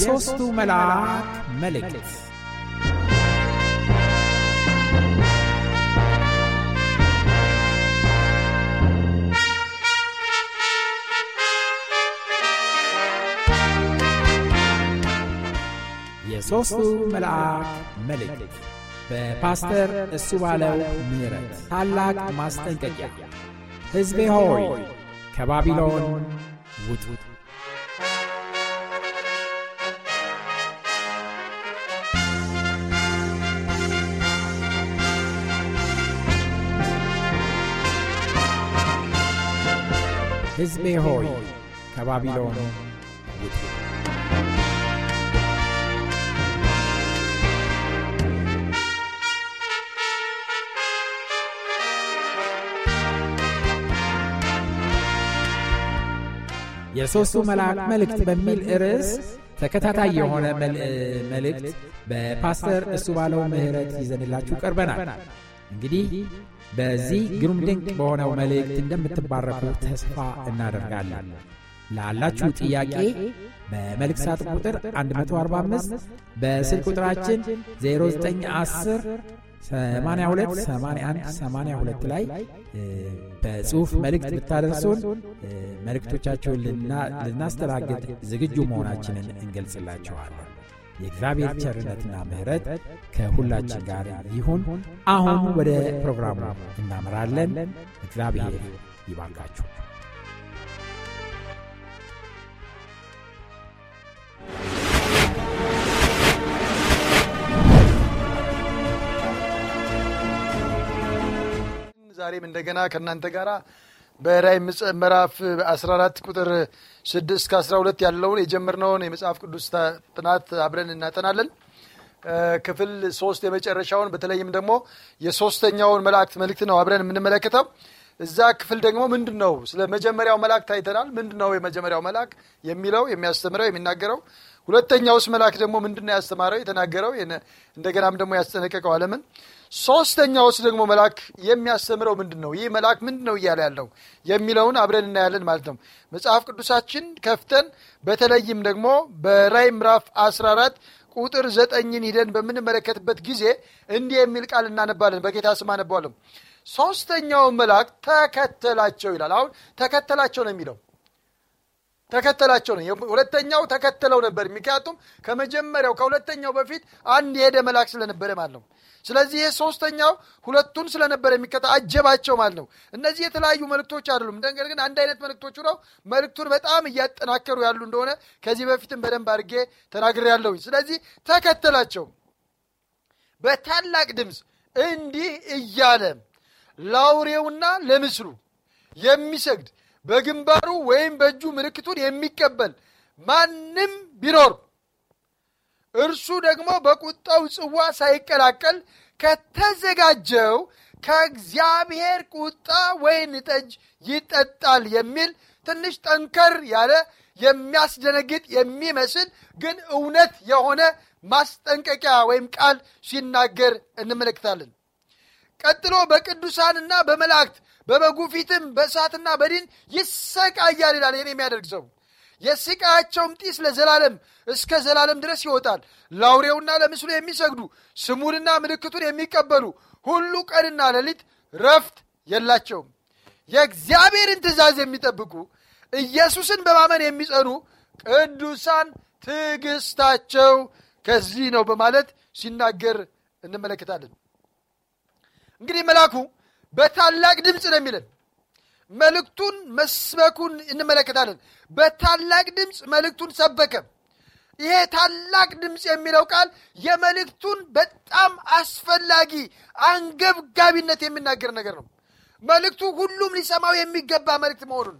የሦስቱ መልአክ መልእክት የሦስቱ መልአክ መልእክት በፓስተር እሱ ባለው ምሕረት ታላቅ ማስጠንቀቂያ ሕዝቤ ሆይ ከባቢሎን ውጡ ሕዝቤ ሆይ ከባቢሎን የሦስቱ መልአክ መልእክት በሚል ርዕስ ተከታታይ የሆነ መልእክት በፓስተር እሱ ባለው ምህረት ይዘንላችሁ ቀርበናል። እንግዲህ በዚህ ግሩም ድንቅ በሆነው መልእክት እንደምትባረፉ ተስፋ እናደርጋለን። ላላችሁ ጥያቄ በመልእክት ሳጥን ቁጥር 145 በስልክ ቁጥራችን 0910 82 81 82 ላይ በጽሁፍ መልእክት ብታደርሱን መልእክቶቻቸውን ልናስተናግድ ዝግጁ መሆናችንን እንገልጽላችኋለን። የእግዚአብሔር ቸርነትና ምሕረት ከሁላችን ጋር ይሁን። አሁን ወደ ፕሮግራሙ እናመራለን። እግዚአብሔር ይባርካችሁ። ዛሬም እንደገና ከእናንተ ጋር በራዕይ ምዕራፍ 14 ቁጥር 6 እስከ 12 ያለውን የጀመርነውን የመጽሐፍ ቅዱስ ጥናት አብረን እናጠናለን። ክፍል ሶስት የመጨረሻውን በተለይም ደግሞ የሶስተኛውን መላእክት መልእክት ነው አብረን የምንመለከተው። እዛ ክፍል ደግሞ ምንድን ነው ስለ መጀመሪያው መልአክ ታይተናል። ምንድን ነው የመጀመሪያው መልአክ የሚለው የሚያስተምረው የሚናገረው፣ ሁለተኛውስ መልአክ ደግሞ ምንድን ነው ያስተማረው የተናገረው፣ እንደገናም ደግሞ ያስጠነቀቀው አለምን ሶስተኛውስ ደግሞ መልአክ የሚያስተምረው ምንድን ነው? ይህ መልአክ ምንድን ነው እያለ ያለው የሚለውን አብረን እናያለን ማለት ነው። መጽሐፍ ቅዱሳችን ከፍተን በተለይም ደግሞ በራይ ምራፍ 14 ቁጥር ዘጠኝን ሂደን በምንመለከትበት ጊዜ እንዲህ የሚል ቃል እናነባለን። በጌታ ስም አነባለም ሶስተኛው መልአክ ተከተላቸው ይላል። አሁን ተከተላቸው ነው የሚለው ተከተላቸው ነው። ሁለተኛው ተከተለው ነበር። ምክንያቱም ከመጀመሪያው ከሁለተኛው በፊት አንድ የሄደ መልአክ ስለነበረ ማለት ነው። ስለዚህ ይህ ሶስተኛው ሁለቱን ስለነበረ የሚከታ አጀባቸው ማለት ነው። እነዚህ የተለያዩ መልእክቶች አይደሉም፣ ነገር ግን አንድ አይነት መልእክቶቹ ነው። መልእክቱን በጣም እያጠናከሩ ያሉ እንደሆነ ከዚህ በፊትም በደንብ አድርጌ ያለውኝ። ስለዚህ ተከተላቸው በታላቅ ድምፅ እንዲህ እያለ ላውሬውና ለምስሉ የሚሰግድ በግንባሩ ወይም በእጁ ምልክቱን የሚቀበል ማንም ቢኖር እርሱ ደግሞ በቁጣው ጽዋ ሳይቀላቀል ከተዘጋጀው ከእግዚአብሔር ቁጣ ወይን ጠጅ ይጠጣል የሚል ትንሽ ጠንከር ያለ የሚያስደነግጥ የሚመስል ግን እውነት የሆነ ማስጠንቀቂያ ወይም ቃል ሲናገር እንመለከታለን። ቀጥሎ በቅዱሳንና በመላእክት በበጉ ፊትም በእሳትና በዲን ይሰቃያል ይላል። ይህን የሚያደርግ ሰው የስቃያቸውም ጢስ ለዘላለም እስከ ዘላለም ድረስ ይወጣል። ለአውሬውና ለምስሉ የሚሰግዱ ስሙንና ምልክቱን የሚቀበሉ ሁሉ ቀንና ሌሊት ረፍት የላቸውም። የእግዚአብሔርን ትእዛዝ የሚጠብቁ ኢየሱስን በማመን የሚጸኑ ቅዱሳን ትዕግስታቸው ከዚህ ነው በማለት ሲናገር እንመለከታለን። እንግዲህ መልአኩ በታላቅ ድምፅ ነው የሚለን። መልእክቱን መስበኩን እንመለከታለን። በታላቅ ድምፅ መልእክቱን ሰበከ። ይሄ ታላቅ ድምፅ የሚለው ቃል የመልእክቱን በጣም አስፈላጊ አንገብጋቢነት የሚናገር ነገር ነው። መልእክቱ ሁሉም ሊሰማው የሚገባ መልእክት መሆኑን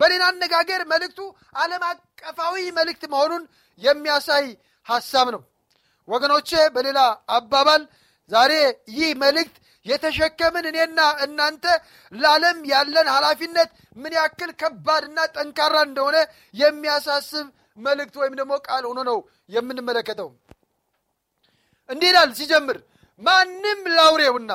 በሌላ አነጋገር መልእክቱ ዓለም አቀፋዊ መልእክት መሆኑን የሚያሳይ ሐሳብ ነው። ወገኖቼ፣ በሌላ አባባል ዛሬ ይህ መልእክት የተሸከምን እኔና እናንተ ለዓለም ያለን ኃላፊነት ምን ያክል ከባድና ጠንካራ እንደሆነ የሚያሳስብ መልእክት ወይም ደግሞ ቃል ሆኖ ነው የምንመለከተው። እንዲህ ይላል ሲጀምር፣ ማንም ላውሬውና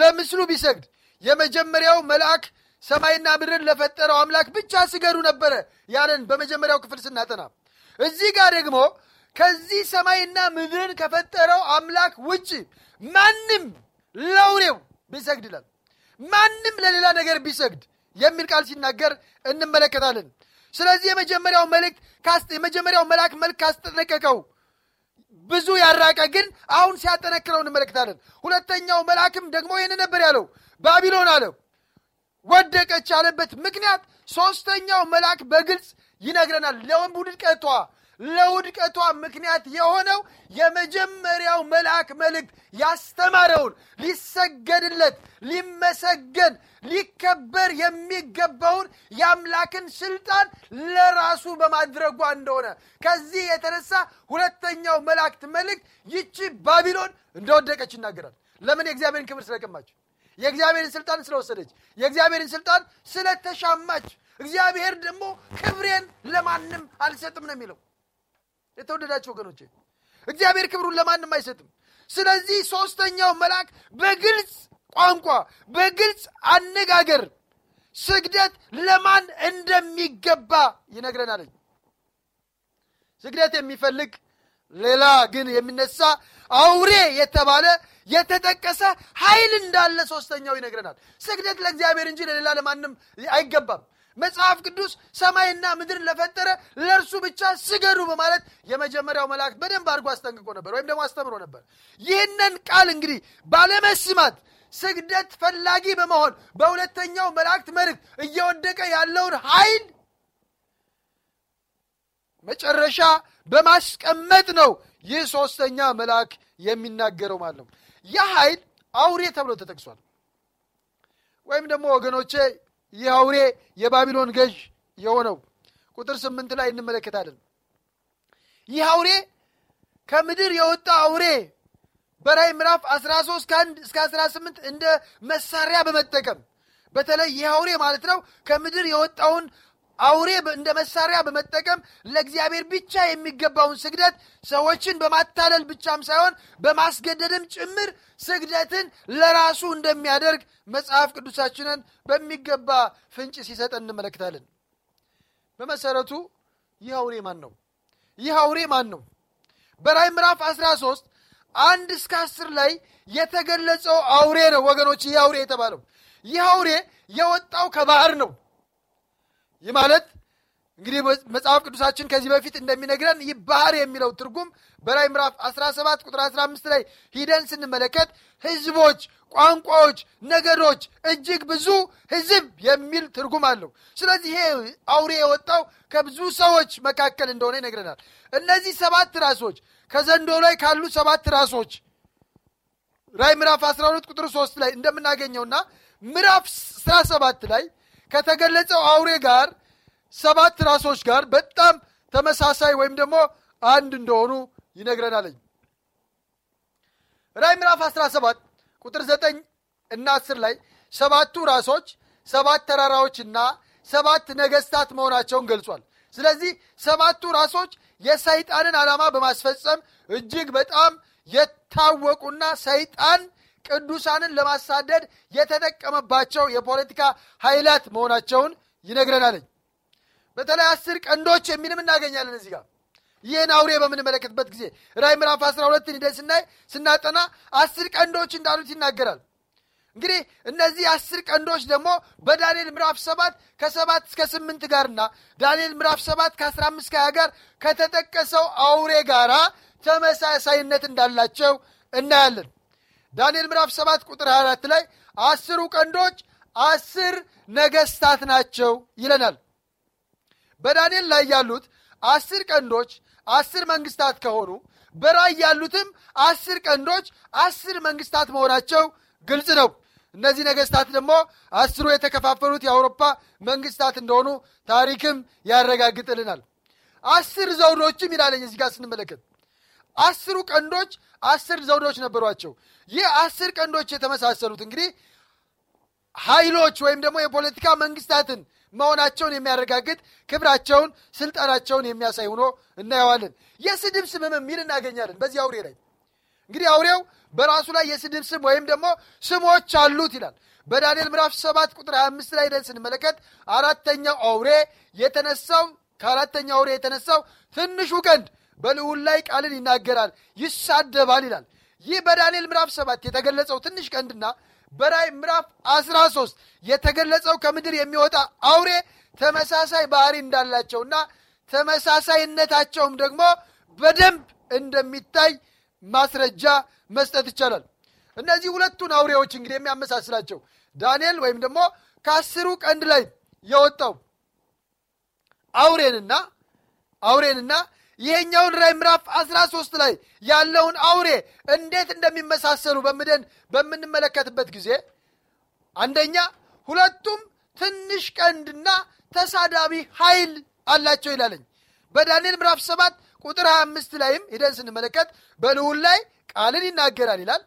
ለምስሉ ቢሰግድ የመጀመሪያው መልአክ ሰማይና ምድርን ለፈጠረው አምላክ ብቻ ስገዱ ነበረ ያለን በመጀመሪያው ክፍል ስናጠና፣ እዚህ ጋር ደግሞ ከዚህ ሰማይና ምድርን ከፈጠረው አምላክ ውጭ ማንም ለውሬው ቢሰግድ ይላል። ማንም ለሌላ ነገር ቢሰግድ የሚል ቃል ሲናገር እንመለከታለን። ስለዚህ የመጀመሪያው መልእክት የመጀመሪያው መልአክ መልክ ካስጠነቀቀው ብዙ ያራቀ ግን አሁን ሲያጠነክረው እንመለከታለን። ሁለተኛው መልአክም ደግሞ ይህን ነበር ያለው፣ ባቢሎን አለው ወደቀች ያለበት ምክንያት ሶስተኛው መልአክ በግልጽ ይነግረናል። ለወንብ ለውድቀቷ ምክንያት የሆነው የመጀመሪያው መልአክ መልእክት ያስተማረውን ሊሰገድለት፣ ሊመሰገን፣ ሊከበር የሚገባውን የአምላክን ስልጣን ለራሱ በማድረጓ እንደሆነ ከዚህ የተነሳ ሁለተኛው መላእክት መልእክት ይቺ ባቢሎን እንደወደቀች ይናገራል። ለምን? የእግዚአብሔርን ክብር ስለቀማች፣ የእግዚአብሔርን ስልጣን ስለወሰደች፣ የእግዚአብሔርን ስልጣን ስለተሻማች። እግዚአብሔር ደግሞ ክብሬን ለማንም አልሰጥም ነው የሚለው። የተወደዳቸው ወገኖቼ እግዚአብሔር ክብሩን ለማንም አይሰጥም። ስለዚህ ሦስተኛው መልአክ በግልጽ ቋንቋ በግልጽ አነጋገር ስግደት ለማን እንደሚገባ ይነግረናል። ስግደት የሚፈልግ ሌላ ግን የሚነሳ አውሬ የተባለ የተጠቀሰ ኃይል እንዳለ ሶስተኛው ይነግረናል። ስግደት ለእግዚአብሔር እንጂ ለሌላ ለማንም አይገባም። መጽሐፍ ቅዱስ ሰማይና ምድርን ለፈጠረ ለእርሱ ብቻ ስገዱ በማለት የመጀመሪያው መላእክት በደንብ አድርጎ አስጠንቅቆ ነበር፣ ወይም ደግሞ አስተምሮ ነበር። ይህንን ቃል እንግዲህ ባለመስማት ስግደት ፈላጊ በመሆን በሁለተኛው መላእክት መልእክት እየወደቀ ያለውን ኃይል መጨረሻ በማስቀመጥ ነው ይህ ሶስተኛ መልአክ የሚናገረው ማለት ነው። ያ ኃይል አውሬ ተብሎ ተጠቅሷል። ወይም ደግሞ ወገኖቼ ይህ አውሬ የባቢሎን ገዥ የሆነው ቁጥር ስምንት ላይ እንመለከታለን። ይህ አውሬ ከምድር የወጣ አውሬ በራይ ምዕራፍ 13 ከአንድ እስከ 18 እንደ መሳሪያ በመጠቀም በተለይ ይህ አውሬ ማለት ነው ከምድር የወጣውን አውሬ እንደ መሳሪያ በመጠቀም ለእግዚአብሔር ብቻ የሚገባውን ስግደት ሰዎችን በማታለል ብቻም ሳይሆን በማስገደድም ጭምር ስግደትን ለራሱ እንደሚያደርግ መጽሐፍ ቅዱሳችንን በሚገባ ፍንጭ ሲሰጥ እንመለከታለን። በመሰረቱ ይህ አውሬ ማን ነው? ይህ አውሬ ማን ነው? በራይ ምዕራፍ 13 አንድ እስከ አስር ላይ የተገለጸው አውሬ ነው ወገኖች። ይህ አውሬ የተባለው ይህ አውሬ የወጣው ከባህር ነው። ይህ ማለት እንግዲህ መጽሐፍ ቅዱሳችን ከዚህ በፊት እንደሚነግረን ይህ ባህር የሚለው ትርጉም በራይ ምዕራፍ 17 ቁጥር 15 ላይ ሂደን ስንመለከት ህዝቦች፣ ቋንቋዎች፣ ነገዶች እጅግ ብዙ ህዝብ የሚል ትርጉም አለው። ስለዚህ ይሄ አውሬ የወጣው ከብዙ ሰዎች መካከል እንደሆነ ይነግረናል። እነዚህ ሰባት ራሶች ከዘንዶ ላይ ካሉ ሰባት ራሶች ራይ ምዕራፍ 12 ቁጥር 3 ላይ እንደምናገኘውና ምዕራፍ 17 ላይ ከተገለጸው አውሬ ጋር ሰባት ራሶች ጋር በጣም ተመሳሳይ ወይም ደግሞ አንድ እንደሆኑ ይነግረናለኝ ራይ ምዕራፍ 17 ቁጥር 9 እና 10 ላይ ሰባቱ ራሶች ሰባት ተራራዎችና ሰባት ነገስታት መሆናቸውን ገልጿል። ስለዚህ ሰባቱ ራሶች የሰይጣንን ዓላማ በማስፈጸም እጅግ በጣም የታወቁና ሰይጣን ቅዱሳንን ለማሳደድ የተጠቀመባቸው የፖለቲካ ኃይላት መሆናቸውን ይነግረናለኝ። በተለይ አስር ቀንዶች የሚልም እናገኛለን እዚህ ጋር ይህን አውሬ በምንመለከትበት ጊዜ ራይ ምዕራፍ 12ን ስናይ ስናጠና አስር ቀንዶች እንዳሉት ይናገራል። እንግዲህ እነዚህ አስር ቀንዶች ደግሞ በዳንኤል ምዕራፍ 7 ከ7 እስከ 8 ጋርና ዳንኤል ምዕራፍ 7 ከ15 ከ20 ጋር ከተጠቀሰው አውሬ ጋራ ተመሳሳይነት እንዳላቸው እናያለን። ዳንኤል ምዕራፍ 7 ቁጥር 24 ላይ አስሩ ቀንዶች አስር ነገስታት ናቸው ይለናል። በዳንኤል ላይ ያሉት አስር ቀንዶች አስር መንግስታት ከሆኑ በራይ ያሉትም አስር ቀንዶች አስር መንግስታት መሆናቸው ግልጽ ነው። እነዚህ ነገስታት ደግሞ አስሩ የተከፋፈሉት የአውሮፓ መንግስታት እንደሆኑ ታሪክም ያረጋግጥልናል። አስር ዘውዶችም ይላለኝ እዚህ ጋር ስንመለከት አስሩ ቀንዶች አስር ዘውዶች ነበሯቸው። ይህ አስር ቀንዶች የተመሳሰሉት እንግዲህ ኃይሎች ወይም ደግሞ የፖለቲካ መንግስታትን መሆናቸውን የሚያረጋግጥ ክብራቸውን፣ ስልጣናቸውን የሚያሳይ ሆኖ እናየዋለን። የስድብ ስምም የሚል እናገኛለን በዚህ አውሬ ላይ። እንግዲህ አውሬው በራሱ ላይ የስድብ ስም ወይም ደግሞ ስሞች አሉት ይላል። በዳንኤል ምዕራፍ 7 ቁጥር 25 ላይ ደን ስንመለከት አራተኛው አውሬ የተነሳው ከአራተኛው አውሬ የተነሳው ትንሹ ቀንድ በልዑል ላይ ቃልን ይናገራል፣ ይሳደባል ይላል። ይህ በዳንኤል ምዕራፍ ሰባት የተገለጸው ትንሽ ቀንድና በራይ ምዕራፍ አስራ ሶስት የተገለጸው ከምድር የሚወጣ አውሬ ተመሳሳይ ባህሪ እንዳላቸውና ተመሳሳይነታቸውም ደግሞ በደንብ እንደሚታይ ማስረጃ መስጠት ይቻላል። እነዚህ ሁለቱን አውሬዎች እንግዲህ የሚያመሳስላቸው ዳንኤል ወይም ደግሞ ከአስሩ ቀንድ ላይ የወጣው አውሬንና አውሬንና ይሄኛውን ራይ ምዕራፍ 13 ላይ ያለውን አውሬ እንዴት እንደሚመሳሰሉ በምደን በምንመለከትበት ጊዜ አንደኛ ሁለቱም ትንሽ ቀንድና ተሳዳቢ ኃይል አላቸው ይላለኝ። በዳንኤል ምዕራፍ 7 ቁጥር 25 ላይም ሂደን ስንመለከት በልውል ላይ ቃልን ይናገራል ይላል።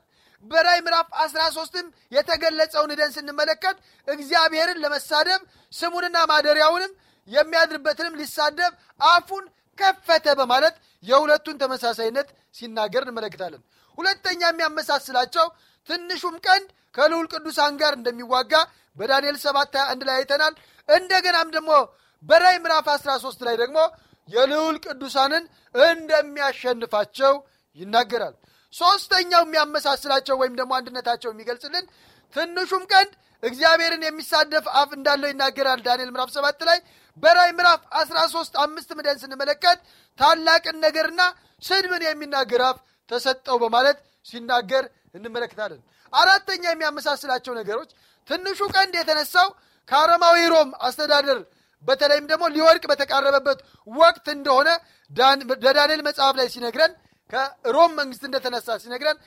በራይ ምዕራፍ 13ም የተገለጸውን ሂደን ስንመለከት እግዚአብሔርን ለመሳደብ ስሙንና ማደሪያውንም የሚያድርበትንም ሊሳደብ አፉን ከፈተ በማለት የሁለቱን ተመሳሳይነት ሲናገር እንመለከታለን። ሁለተኛ የሚያመሳስላቸው ትንሹም ቀንድ ከልዑል ቅዱሳን ጋር እንደሚዋጋ በዳንኤል 7 21 ላይ አይተናል። እንደገናም ደግሞ በራይ ምዕራፍ 13 ላይ ደግሞ የልዑል ቅዱሳንን እንደሚያሸንፋቸው ይናገራል። ሦስተኛው የሚያመሳስላቸው ወይም ደግሞ አንድነታቸው የሚገልጽልን ትንሹም ቀንድ እግዚአብሔርን የሚሳደፍ አፍ እንዳለው ይናገራል። ዳንኤል ምዕራፍ 7 ላይ በራይ ምዕራፍ 13 አምስት ምደን ስንመለከት ታላቅን ነገርና ስድብን የሚናገር አፍ ተሰጠው በማለት ሲናገር እንመለከታለን። አራተኛ የሚያመሳስላቸው ነገሮች ትንሹ ቀንድ የተነሳው ከአረማዊ ሮም አስተዳደር በተለይም ደግሞ ሊወድቅ በተቃረበበት ወቅት እንደሆነ በዳንኤል መጽሐፍ ላይ ሲነግረን ከሮም መንግስት እንደተነሳ ሲነግረን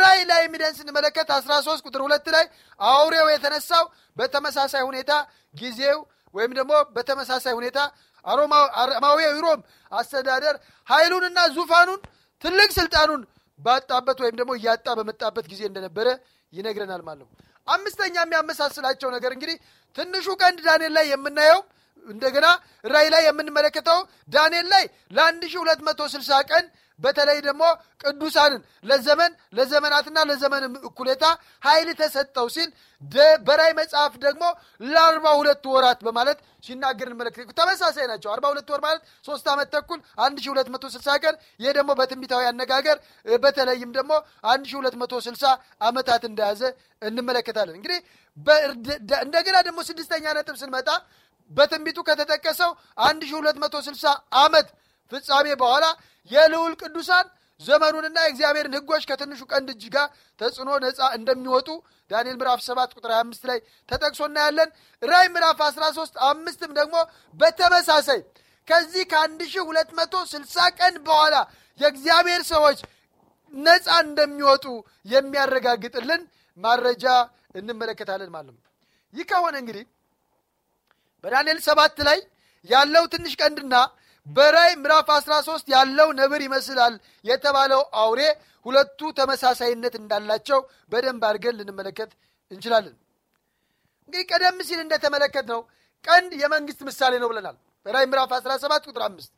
ራይ ላይ ሚደን ስንመለከት 13 ቁጥር ሁለት ላይ አውሬው የተነሳው በተመሳሳይ ሁኔታ ጊዜው ወይም ደግሞ በተመሳሳይ ሁኔታ አሮማዊ ሮም አስተዳደር ኃይሉንና ዙፋኑን ትልቅ ስልጣኑን ባጣበት ወይም ደግሞ እያጣ በመጣበት ጊዜ እንደነበረ ይነግረናል ማለት ነው። አምስተኛ የሚያመሳስላቸው ነገር እንግዲህ ትንሹ ቀንድ ዳንኤል ላይ የምናየው እንደገና ራይ ላይ የምንመለከተው ዳንኤል ላይ ለ 1260 ቀን በተለይ ደግሞ ቅዱሳንን ለዘመን ለዘመናትና ለዘመን እኩሌታ ኃይል ተሰጠው ሲል በራይ መጽሐፍ ደግሞ ለአርባ ሁለት ወራት በማለት ሲናገር እንመለክት ተመሳሳይ ናቸው። አርባ ሁለት ወር ማለት ሶስት ዓመት ተኩል አንድ ሺ ሁለት መቶ ስልሳ ቀን። ይህ ደግሞ በትንቢታዊ አነጋገር በተለይም ደግሞ አንድ ሺ ሁለት መቶ ስልሳ ዓመታት እንደያዘ እንመለከታለን። እንግዲህ እንደገና ደግሞ ስድስተኛ ነጥብ ስንመጣ በትንቢቱ ከተጠቀሰው አንድ ሺ ሁለት መቶ ስልሳ ዓመት ፍጻሜ በኋላ የልዑል ቅዱሳን ዘመኑንና የእግዚአብሔርን ህጎች ከትንሹ ቀንድ እጅ ጋር ተጽዕኖ ነፃ እንደሚወጡ ዳንኤል ምዕራፍ 7 ቁጥር 25 ላይ ተጠቅሶ እናያለን። ራይ ምዕራፍ 13 አምስትም ደግሞ በተመሳሳይ ከዚህ ከ1260 ቀን በኋላ የእግዚአብሔር ሰዎች ነፃ እንደሚወጡ የሚያረጋግጥልን ማረጃ እንመለከታለን ማለት ነው። ይህ ከሆነ እንግዲህ በዳንኤል ሰባት ላይ ያለው ትንሽ ቀንድና በራይ ምዕራፍ 13 ያለው ነብር ይመስላል የተባለው አውሬ ሁለቱ ተመሳሳይነት እንዳላቸው በደንብ አድርገን ልንመለከት እንችላለን። እንግዲህ ቀደም ሲል እንደተመለከት ነው ቀንድ የመንግስት ምሳሌ ነው ብለናል። በራይ ምዕራፍ 17 ቁጥር 5።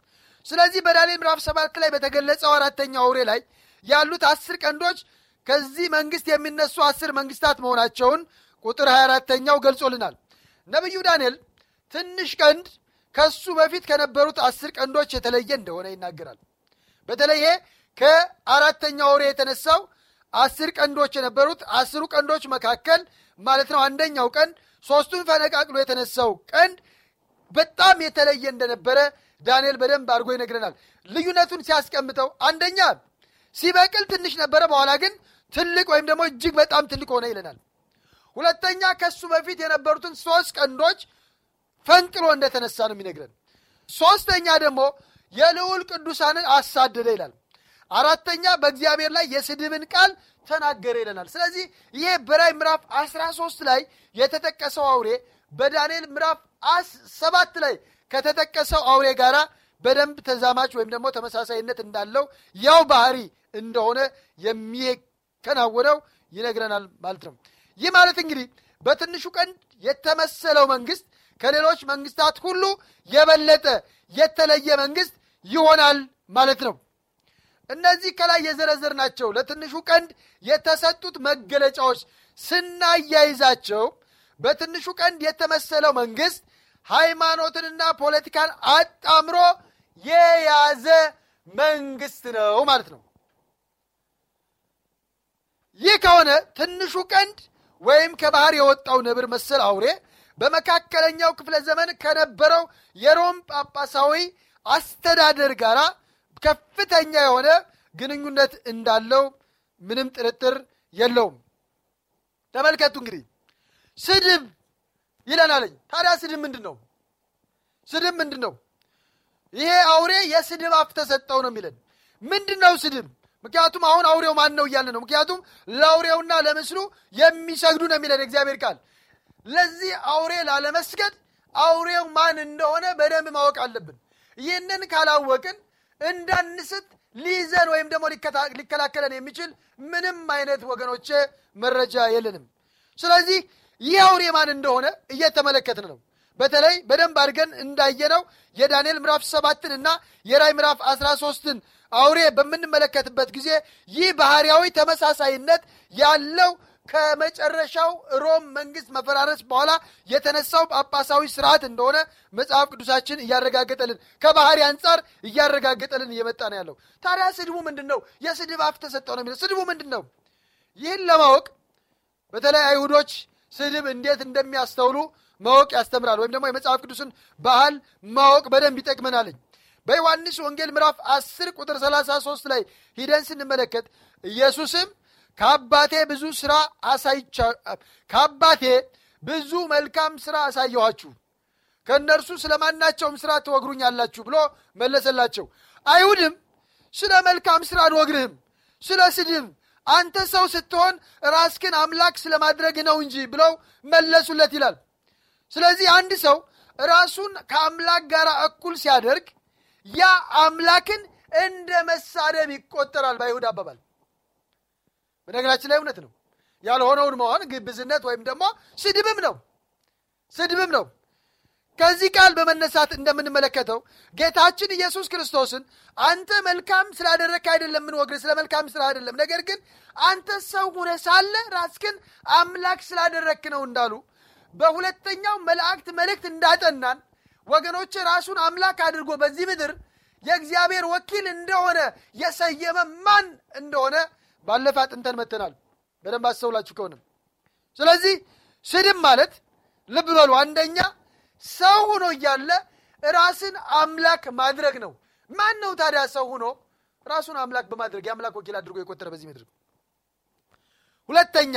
ስለዚህ በዳንኤል ምዕራፍ 7 ላይ በተገለጸው አራተኛው አውሬ ላይ ያሉት አስር ቀንዶች ከዚህ መንግስት የሚነሱ አስር መንግስታት መሆናቸውን ቁጥር 24ተኛው ገልጾልናል። ነቢዩ ዳንኤል ትንሽ ቀንድ ከሱ በፊት ከነበሩት አስር ቀንዶች የተለየ እንደሆነ ይናገራል። በተለይ ከአራተኛ ወሬ የተነሳው አስር ቀንዶች የነበሩት አስሩ ቀንዶች መካከል ማለት ነው አንደኛው ቀንድ ሶስቱን ፈነቃቅሎ የተነሳው ቀንድ በጣም የተለየ እንደነበረ ዳንኤል በደንብ አድርጎ ይነግረናል። ልዩነቱን ሲያስቀምጠው አንደኛ ሲበቅል ትንሽ ነበረ፣ በኋላ ግን ትልቅ ወይም ደግሞ እጅግ በጣም ትልቅ ሆነ ይለናል። ሁለተኛ ከሱ በፊት የነበሩትን ሶስት ቀንዶች ፈንቅሎ እንደተነሳ ነው የሚነግረን። ሶስተኛ ደግሞ የልዑል ቅዱሳንን አሳደደ ይላል። አራተኛ በእግዚአብሔር ላይ የስድብን ቃል ተናገረ ይለናል። ስለዚህ ይሄ በራይ ምዕራፍ 13 ላይ የተጠቀሰው አውሬ በዳንኤል ምዕራፍ ሰባት ላይ ከተጠቀሰው አውሬ ጋር በደንብ ተዛማች ወይም ደግሞ ተመሳሳይነት እንዳለው ያው ባህሪ እንደሆነ የሚከናወነው ይነግረናል ማለት ነው። ይህ ማለት እንግዲህ በትንሹ ቀንድ የተመሰለው መንግስት ከሌሎች መንግስታት ሁሉ የበለጠ የተለየ መንግስት ይሆናል ማለት ነው። እነዚህ ከላይ የዘረዘር ናቸው ለትንሹ ቀንድ የተሰጡት መገለጫዎች ስናያይዛቸው በትንሹ ቀንድ የተመሰለው መንግስት ሃይማኖትንና ፖለቲካን አጣምሮ የያዘ መንግስት ነው ማለት ነው። ይህ ከሆነ ትንሹ ቀንድ ወይም ከባህር የወጣው ነብር መሰል አውሬ በመካከለኛው ክፍለ ዘመን ከነበረው የሮም ጳጳሳዊ አስተዳደር ጋር ከፍተኛ የሆነ ግንኙነት እንዳለው ምንም ጥርጥር የለውም። ተመልከቱ እንግዲህ ስድብ ይለናለኝ። ታዲያ ስድብ ምንድን ነው? ስድብ ምንድን ነው? ይሄ አውሬ የስድብ አፍ ተሰጠው ነው የሚለን። ምንድን ነው ስድብ? ምክንያቱም አሁን አውሬው ማን ነው እያለ ነው። ምክንያቱም ለአውሬውና ለምስሉ የሚሰግዱ ነው የሚለን እግዚአብሔር ቃል። ለዚህ አውሬ ላለመስገድ አውሬው ማን እንደሆነ በደንብ ማወቅ አለብን። ይህንን ካላወቅን እንዳንስት ሊይዘን ወይም ደግሞ ሊከላከለን የሚችል ምንም አይነት ወገኖቼ መረጃ የለንም። ስለዚህ ይህ አውሬ ማን እንደሆነ እየተመለከትን ነው። በተለይ በደንብ አድርገን እንዳየነው የዳንኤል ምዕራፍ ሰባትን እና የራይ ምዕራፍ አስራ ሶስትን አውሬ በምንመለከትበት ጊዜ ይህ ባህርያዊ ተመሳሳይነት ያለው ከመጨረሻው ሮም መንግስት መፈራረስ በኋላ የተነሳው ጳጳሳዊ ስርዓት እንደሆነ መጽሐፍ ቅዱሳችን እያረጋገጠልን ከባህሪ አንጻር እያረጋገጠልን እየመጣ ነው ያለው። ታዲያ ስድቡ ምንድን ነው? የስድብ አፍ ተሰጠው ነው የሚለው። ስድቡ ምንድን ነው? ይህን ለማወቅ በተለይ አይሁዶች ስድብ እንዴት እንደሚያስተውሉ ማወቅ ያስተምራል፣ ወይም ደግሞ የመጽሐፍ ቅዱስን ባህል ማወቅ በደንብ ይጠቅመናልኝ። በዮሐንስ ወንጌል ምዕራፍ 10 ቁጥር 33 ላይ ሂደን ስንመለከት ኢየሱስም ከአባቴ ብዙ ስራ አሳይቻ ከአባቴ ብዙ መልካም ስራ አሳየኋችሁ ከእነርሱ ስለማናቸውም ስራ ትወግሩኛላችሁ ብሎ መለሰላቸው። አይሁድም ስለ መልካም ስራ አንወግርህም፣ ስለ ስድብ አንተ ሰው ስትሆን ራስክን አምላክ ስለማድረግ ነው እንጂ ብለው መለሱለት ይላል። ስለዚህ አንድ ሰው ራሱን ከአምላክ ጋር እኩል ሲያደርግ ያ አምላክን እንደ መሳደብ ይቆጠራል በይሁድ አባባል። በነገራችን ላይ እውነት ነው። ያልሆነውን መሆን ግብዝነት ወይም ደግሞ ስድብም ነው፣ ስድብም ነው። ከዚህ ቃል በመነሳት እንደምንመለከተው ጌታችን ኢየሱስ ክርስቶስን አንተ መልካም ስላደረክ አይደለም የምንወግርህ፣ ስለ መልካም ስራ አይደለም፣ ነገር ግን አንተ ሰው ሁነ ሳለ ራስህን አምላክ ስላደረክ ነው እንዳሉ በሁለተኛው መላእክት መልእክት እንዳጠናን ወገኖች ራሱን አምላክ አድርጎ በዚህ ምድር የእግዚአብሔር ወኪል እንደሆነ የሰየመ ማን እንደሆነ ባለፈ አጥንተን መተናል። በደንብ አስተውላችሁ ከሆነም ስለዚህ ስድብ ማለት ልብ በሉ፣ አንደኛ ሰው ሆኖ እያለ ራስን አምላክ ማድረግ ነው። ማን ነው ታዲያ ሰው ሆኖ ራሱን አምላክ በማድረግ የአምላክ ወኪል አድርጎ የቆጠረ በዚህ ምድር? ሁለተኛ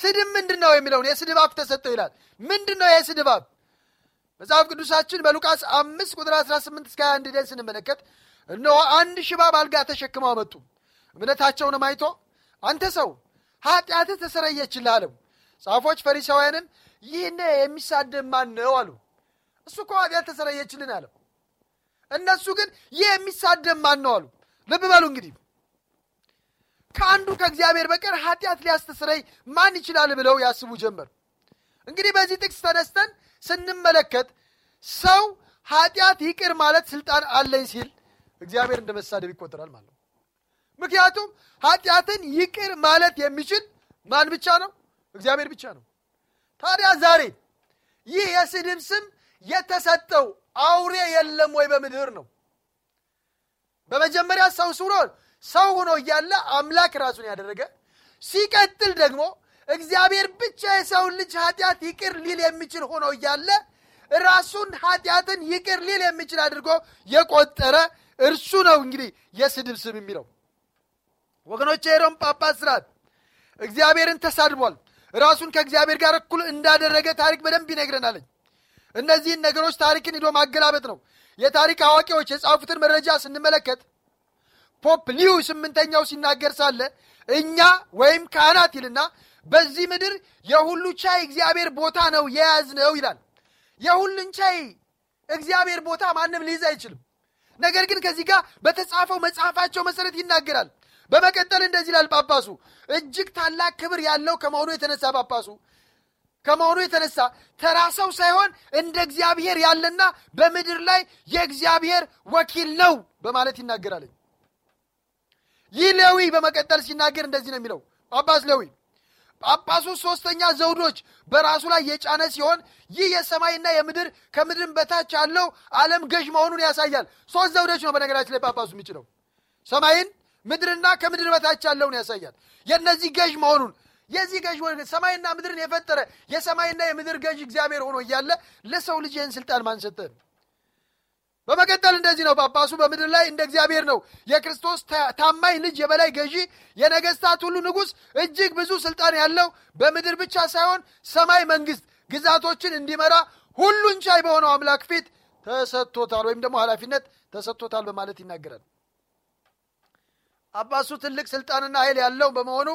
ስድብ ምንድን ነው የሚለውን የስድብ አፍ ተሰጠው ይላል። ምንድን ነው የስድብ አፍ? መጽሐፍ ቅዱሳችን በሉቃስ አምስት ቁጥር 18 እስከ 21 ደን ስንመለከት እነሆ አንድ ሽባብ አልጋ ተሸክመው አመጡ እምነታቸውንም አይቶ አንተ ሰው ኃጢአትህ ተሰረየችልህ አለው። ጻፎች ፈሪሳውያንን ይህን የሚሳደብ ማን ነው አሉ። እሱ እኮ ኃጢአት ተሰረየችልን አለው። እነሱ ግን ይህ የሚሳደብ ማን ነው አሉ። ልብ በሉ እንግዲህ ከአንዱ ከእግዚአብሔር በቀር ኃጢአት ሊያስተስረይ ማን ይችላል ብለው ያስቡ ጀመር። እንግዲህ በዚህ ጥቅስ ተነስተን ስንመለከት ሰው ኃጢአት ይቅር ማለት ስልጣን አለኝ ሲል እግዚአብሔር እንደ መሳደብ ይቆጠራል ማለት ነው። ምክንያቱም ኃጢአትን ይቅር ማለት የሚችል ማን ብቻ ነው? እግዚአብሔር ብቻ ነው። ታዲያ ዛሬ ይህ የስድብ ስም የተሰጠው አውሬ የለም ወይ በምድር ነው? በመጀመሪያ ሰው ስሮ ሰው ሆኖ እያለ አምላክ ራሱን ያደረገ ሲቀጥል ደግሞ እግዚአብሔር ብቻ የሰውን ልጅ ኃጢአት ይቅር ሊል የሚችል ሆኖ እያለ ራሱን ኃጢአትን ይቅር ሊል የሚችል አድርጎ የቆጠረ እርሱ ነው እንግዲህ የስድብ ስም የሚለው ወገኖች የሮም ጳጳስ ስርዓት እግዚአብሔርን ተሳድቧል። ራሱን ከእግዚአብሔር ጋር እኩል እንዳደረገ ታሪክ በደንብ ይነግረናለኝ። እነዚህን ነገሮች ታሪክን ሂዶ ማገላበጥ ነው። የታሪክ አዋቂዎች የጻፉትን መረጃ ስንመለከት ፖፕ ሊዩ ስምንተኛው ሲናገር ሳለ እኛ ወይም ካህናት ይልና በዚህ ምድር የሁሉ ቻይ እግዚአብሔር ቦታ ነው የያዝነው ይላል። የሁሉን ቻይ እግዚአብሔር ቦታ ማንም ሊይዝ አይችልም። ነገር ግን ከዚህ ጋር በተጻፈው መጽሐፋቸው መሰረት ይናገራል። በመቀጠል እንደዚህ ይላል ጳጳሱ እጅግ ታላቅ ክብር ያለው ከመሆኑ የተነሳ ጳጳሱ ከመሆኑ የተነሳ ተራ ሰው ሳይሆን እንደ እግዚአብሔር ያለና በምድር ላይ የእግዚአብሔር ወኪል ነው በማለት ይናገራል። ይህ ሌዊ በመቀጠል ሲናገር እንደዚህ ነው የሚለው ጳጳስ ሌዊ ጳጳሱ ሶስተኛ ዘውዶች በራሱ ላይ የጫነ ሲሆን ይህ የሰማይና የምድር ከምድርም በታች ያለው አለም ገዥ መሆኑን ያሳያል። ሶስት ዘውዶች ነው በነገራችን ላይ ጳጳሱ የሚችለው ሰማይን፣ ምድርና ከምድር በታች ያለውን ያሳያል። የእነዚህ ገዥ መሆኑን የዚህ ገዥ ሰማይና ምድርን የፈጠረ የሰማይና የምድር ገዥ እግዚአብሔር ሆኖ እያለ ለሰው ልጅ ይህን ስልጣን ማንሰጠ በመቀጠል እንደዚህ ነው። ጳጳሱ በምድር ላይ እንደ እግዚአብሔር ነው። የክርስቶስ ታማኝ ልጅ፣ የበላይ ገዢ፣ የነገስታት ሁሉ ንጉሥ፣ እጅግ ብዙ ስልጣን ያለው በምድር ብቻ ሳይሆን ሰማይ መንግስት ግዛቶችን እንዲመራ ሁሉን ቻይ በሆነው አምላክ ፊት ተሰጥቶታል ወይም ደግሞ ኃላፊነት ተሰጥቶታል በማለት ይናገራል። አባሱ ትልቅ ስልጣንና ኃይል ያለው በመሆኑ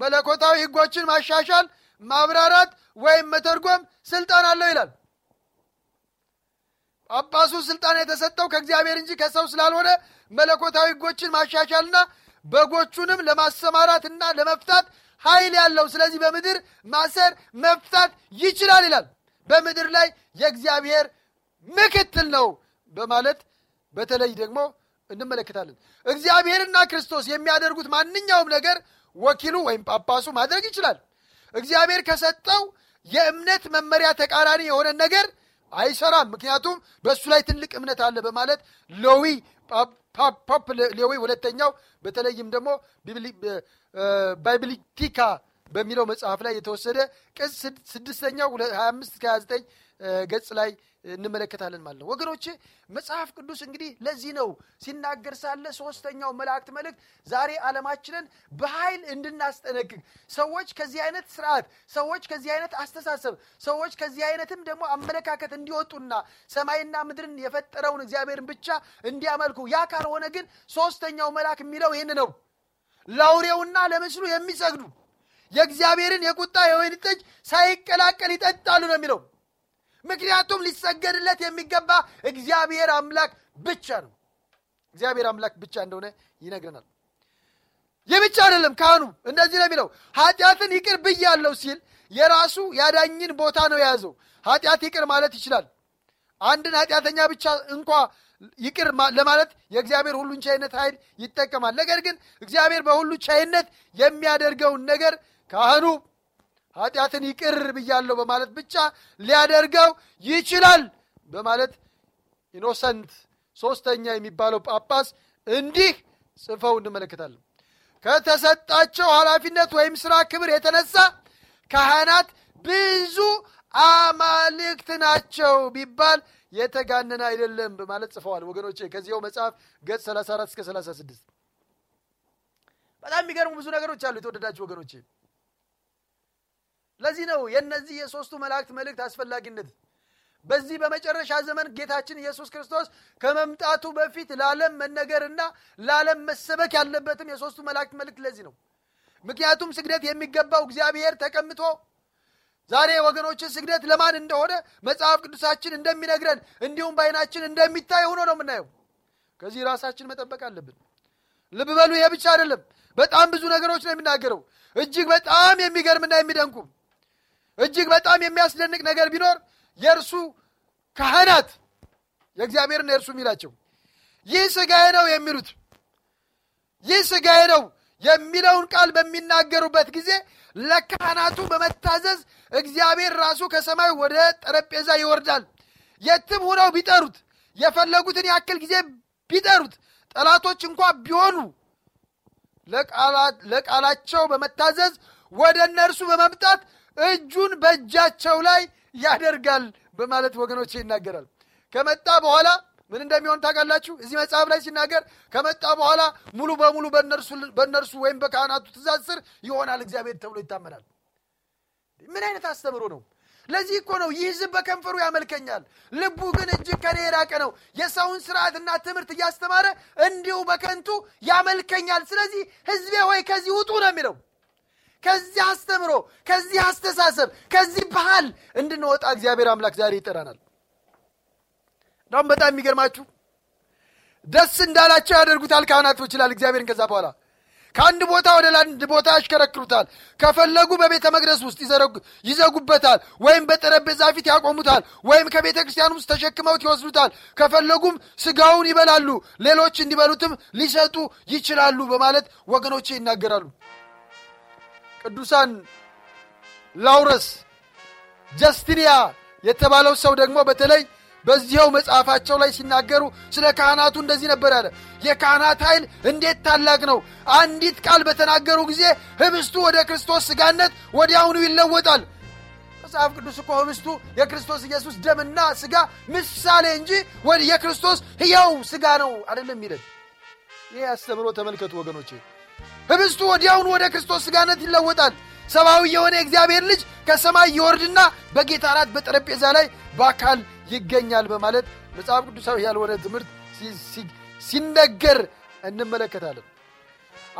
መለኮታዊ ህጎችን ማሻሻል፣ ማብራራት ወይም መተርጎም ስልጣን አለው ይላል። ጳጳሱ ስልጣን የተሰጠው ከእግዚአብሔር እንጂ ከሰው ስላልሆነ መለኮታዊ ህጎችን ማሻሻልና በጎቹንም ለማሰማራትና ለመፍታት ኃይል ያለው ስለዚህ በምድር ማሰር መፍታት ይችላል ይላል። በምድር ላይ የእግዚአብሔር ምክትል ነው በማለት በተለይ ደግሞ እንመለከታለን። እግዚአብሔርና ክርስቶስ የሚያደርጉት ማንኛውም ነገር ወኪሉ ወይም ጳጳሱ ማድረግ ይችላል። እግዚአብሔር ከሰጠው የእምነት መመሪያ ተቃራኒ የሆነ ነገር አይሰራም። ምክንያቱም በእሱ ላይ ትልቅ እምነት አለ በማለት ሎዊ ፓፕ ሌዊ ሁለተኛው በተለይም ደግሞ ባይብሊቲካ በሚለው መጽሐፍ ላይ የተወሰደ ቅጽ ስድስተኛው 25 29 ገጽ ላይ እንመለከታለን ማለት ነው። ወገኖቼ መጽሐፍ ቅዱስ እንግዲህ ለዚህ ነው ሲናገር ሳለ ሶስተኛው መላእክት መልእክት ዛሬ አለማችንን በኃይል እንድናስጠነቅቅ ሰዎች ከዚህ አይነት ስርዓት፣ ሰዎች ከዚህ አይነት አስተሳሰብ፣ ሰዎች ከዚህ አይነትም ደግሞ አመለካከት እንዲወጡና ሰማይና ምድርን የፈጠረውን እግዚአብሔርን ብቻ እንዲያመልኩ፣ ያ ካልሆነ ግን ሶስተኛው መልአክ የሚለው ይህን ነው ለአውሬውና ለምስሉ የሚሰግዱ የእግዚአብሔርን የቁጣ የወይን ጠጅ ሳይቀላቀል ይጠጣሉ ነው የሚለው። ምክንያቱም ሊሰገድለት የሚገባ እግዚአብሔር አምላክ ብቻ ነው። እግዚአብሔር አምላክ ብቻ እንደሆነ ይነግረናል። ይህ ብቻ አይደለም። ካህኑ እንደዚህ ነው የሚለው ኃጢአትን ይቅር ብያለሁ ሲል የራሱ ያዳኝን ቦታ ነው የያዘው። ኃጢአት ይቅር ማለት ይችላል። አንድን ኃጢአተኛ ብቻ እንኳ ይቅር ለማለት የእግዚአብሔር ሁሉን ቻይነት ኃይል ይጠቀማል። ነገር ግን እግዚአብሔር በሁሉ ቻይነት የሚያደርገውን ነገር ካህኑ ኃጢአትን ይቅር ብያለሁ በማለት ብቻ ሊያደርገው ይችላል በማለት ኢኖሰንት ሶስተኛ የሚባለው ጳጳስ እንዲህ ጽፈው እንመለከታለን። ከተሰጣቸው ኃላፊነት ወይም ሥራ ክብር የተነሳ ካህናት ብዙ አማልክት ናቸው ቢባል የተጋነነ አይደለም በማለት ጽፈዋል። ወገኖቼ ከዚያው መጽሐፍ ገጽ 34 እስከ 36 በጣም የሚገርሙ ብዙ ነገሮች አሉ። የተወደዳቸው ወገኖቼ ለዚህ ነው የእነዚህ የሶስቱ መላእክት መልእክት አስፈላጊነት በዚህ በመጨረሻ ዘመን ጌታችን ኢየሱስ ክርስቶስ ከመምጣቱ በፊት ለዓለም መነገርና ለዓለም መሰበክ ያለበትም የሶስቱ መላእክት መልእክት ለዚህ ነው። ምክንያቱም ስግደት የሚገባው እግዚአብሔር ተቀምጦ ዛሬ ወገኖችን ስግደት ለማን እንደሆነ መጽሐፍ ቅዱሳችን እንደሚነግረን እንዲሁም በአይናችን እንደሚታይ ሆኖ ነው የምናየው። ከዚህ ራሳችን መጠበቅ አለብን። ልብ በሉ፣ ይሄ ብቻ አይደለም። በጣም ብዙ ነገሮች ነው የሚናገረው፣ እጅግ በጣም የሚገርምና የሚደንቁም እጅግ በጣም የሚያስደንቅ ነገር ቢኖር የእርሱ ካህናት የእግዚአብሔርን የእርሱ የሚላቸው ይህ ስጋዬ ነው የሚሉት ይህ ስጋዬ ነው የሚለውን ቃል በሚናገሩበት ጊዜ ለካህናቱ በመታዘዝ እግዚአብሔር ራሱ ከሰማይ ወደ ጠረጴዛ ይወርዳል። የትም ሆነው ቢጠሩት፣ የፈለጉትን ያክል ጊዜ ቢጠሩት፣ ጠላቶች እንኳ ቢሆኑ ለቃላቸው በመታዘዝ ወደ እነርሱ በመምጣት እጁን በእጃቸው ላይ ያደርጋል በማለት ወገኖች ይናገራል። ከመጣ በኋላ ምን እንደሚሆን ታውቃላችሁ? እዚህ መጽሐፍ ላይ ሲናገር ከመጣ በኋላ ሙሉ በሙሉ በእነርሱ ወይም በካህናቱ ትእዛዝ ስር ይሆናል እግዚአብሔር ተብሎ ይታመናል። ምን አይነት አስተምሮ ነው? ለዚህ እኮ ነው ይህ ህዝብ በከንፈሩ ያመልከኛል፣ ልቡ ግን እጅግ ከኔ የራቀ ነው። የሰውን ስርዓትና ትምህርት እያስተማረ እንዲሁ በከንቱ ያመልከኛል። ስለዚህ ህዝቤ ሆይ ከዚህ ውጡ ነው የሚለው ከዚህ አስተምሮ ከዚህ አስተሳሰብ ከዚህ ባህል እንድንወጣ እግዚአብሔር አምላክ ዛሬ ይጠራናል። እንዳሁም በጣም የሚገርማችሁ ደስ እንዳላቸው ያደርጉታል ካህናቶች ይችላል እግዚአብሔርን። ከዛ በኋላ ከአንድ ቦታ ወደ ለአንድ ቦታ ያሽከረክሩታል። ከፈለጉ በቤተ መቅደስ ውስጥ ይዘጉበታል፣ ወይም በጠረጴዛ ፊት ያቆሙታል፣ ወይም ከቤተ ክርስቲያን ውስጥ ተሸክመውት ይወስዱታል። ከፈለጉም ስጋውን ይበላሉ፣ ሌሎች እንዲበሉትም ሊሰጡ ይችላሉ በማለት ወገኖቼ ይናገራሉ። ቅዱሳን ላውረስ ጀስትኒያ የተባለው ሰው ደግሞ በተለይ በዚያው መጽሐፋቸው ላይ ሲናገሩ ስለ ካህናቱ እንደዚህ ነበር ያለ። የካህናት ኃይል እንዴት ታላቅ ነው! አንዲት ቃል በተናገሩ ጊዜ ህብስቱ ወደ ክርስቶስ ስጋነት ወዲያውኑ ይለወጣል። መጽሐፍ ቅዱስ እኮ ህብስቱ የክርስቶስ ኢየሱስ ደምና ስጋ ምሳሌ እንጂ የክርስቶስ ሕያው ስጋ ነው አይደለም ይለን። ይህ አስተምሮ ተመልከቱ ወገኖቼ። ህብስቱ ወዲያውን ወደ ክርስቶስ ስጋነት ይለወጣል። ሰብአዊ የሆነ እግዚአብሔር ልጅ ከሰማይ ይወርድና በጌታ አራት በጠረጴዛ ላይ በአካል ይገኛል በማለት መጽሐፍ ቅዱሳዊ ያልሆነ ትምህርት ሲነገር እንመለከታለን።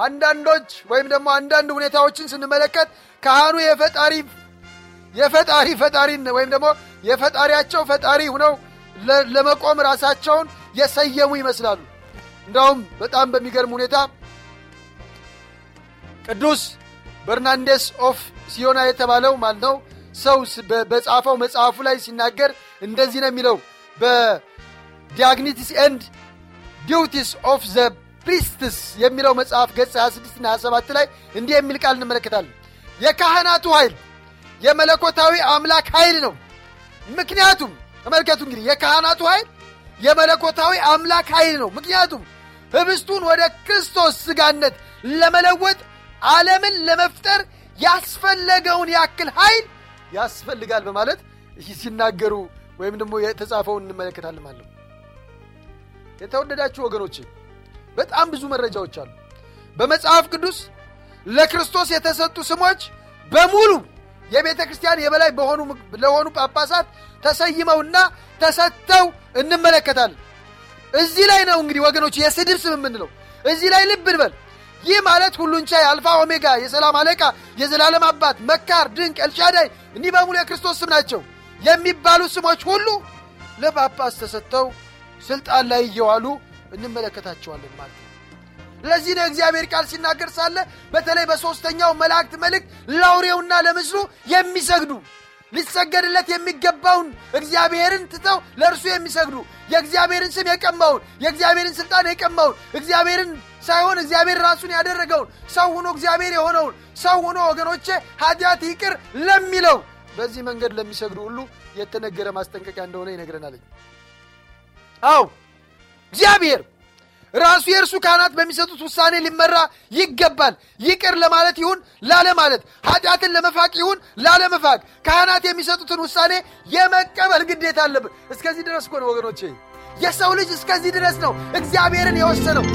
አንዳንዶች ወይም ደግሞ አንዳንድ ሁኔታዎችን ስንመለከት ካህኑ የፈጣሪ የፈጣሪ ፈጣሪን ወይም ደግሞ የፈጣሪያቸው ፈጣሪ ሁነው ለመቆም ራሳቸውን የሰየሙ ይመስላሉ። እንዳውም በጣም በሚገርም ሁኔታ ቅዱስ በርናንዴስ ኦፍ ሲዮና የተባለው ማለት ነው ሰው በጻፈው መጽሐፉ ላይ ሲናገር እንደዚህ ነው የሚለው በዲያግኒቲስ ኤንድ ዲዩቲስ ኦፍ ዘ ፕሪስትስ የሚለው መጽሐፍ ገጽ 26 እና 27 ላይ እንዲህ የሚል ቃል እንመለከታለን። የካህናቱ ኃይል የመለኮታዊ አምላክ ኃይል ነው። ምክንያቱም ተመልከቱ እንግዲህ የካህናቱ ኃይል የመለኮታዊ አምላክ ኃይል ነው። ምክንያቱም ህብስቱን ወደ ክርስቶስ ስጋነት ለመለወጥ ዓለምን ለመፍጠር ያስፈለገውን ያክል ኃይል ያስፈልጋል በማለት ሲናገሩ ወይም ደግሞ የተጻፈውን እንመለከታለን ማለት ነው። የተወደዳችሁ ወገኖች በጣም ብዙ መረጃዎች አሉ። በመጽሐፍ ቅዱስ ለክርስቶስ የተሰጡ ስሞች በሙሉ የቤተ ክርስቲያን የበላይ ለሆኑ ጳጳሳት ተሰይመውና ተሰጥተው እንመለከታለን። እዚህ ላይ ነው እንግዲህ ወገኖች የስድብ ስም የምንለው። እዚህ ላይ ልብ እንበል። ይህ ማለት ሁሉን ቻይ አልፋ ኦሜጋ፣ የሰላም አለቃ፣ የዘላለም አባት፣ መካር፣ ድንቅ፣ ኤልሻዳይ እኒህ በሙሉ የክርስቶስ ስም ናቸው የሚባሉ ስሞች ሁሉ ለጳጳስ ተሰጥተው ስልጣን ላይ እየዋሉ እንመለከታቸዋለን ማለት ነው። ለዚህ ነው እግዚአብሔር ቃል ሲናገር ሳለ በተለይ በሦስተኛው መላእክት መልእክት ላውሬውና ለምስሉ የሚሰግዱ ሊሰገድለት የሚገባውን እግዚአብሔርን ትተው ለእርሱ የሚሰግዱ የእግዚአብሔርን ስም የቀማውን የእግዚአብሔርን ስልጣን የቀማውን እግዚአብሔርን ሳይሆን እግዚአብሔር ራሱን ያደረገውን ሰው ሆኖ እግዚአብሔር የሆነውን ሰው ሆኖ ወገኖቼ ኃጢአት ይቅር ለሚለው በዚህ መንገድ ለሚሰግዱ ሁሉ የተነገረ ማስጠንቀቂያ እንደሆነ ይነግረናል። አው እግዚአብሔር ራሱ የእርሱ ካህናት በሚሰጡት ውሳኔ ሊመራ ይገባል። ይቅር ለማለት ይሁን ላለማለት፣ ኃጢአትን ለመፋቅ ይሁን ላለመፋቅ ካህናት የሚሰጡትን ውሳኔ የመቀበል ግዴታ አለብን። እስከዚህ ድረስ ኮነ ወገኖቼ፣ የሰው ልጅ እስከዚህ ድረስ ነው እግዚአብሔርን የወሰነው።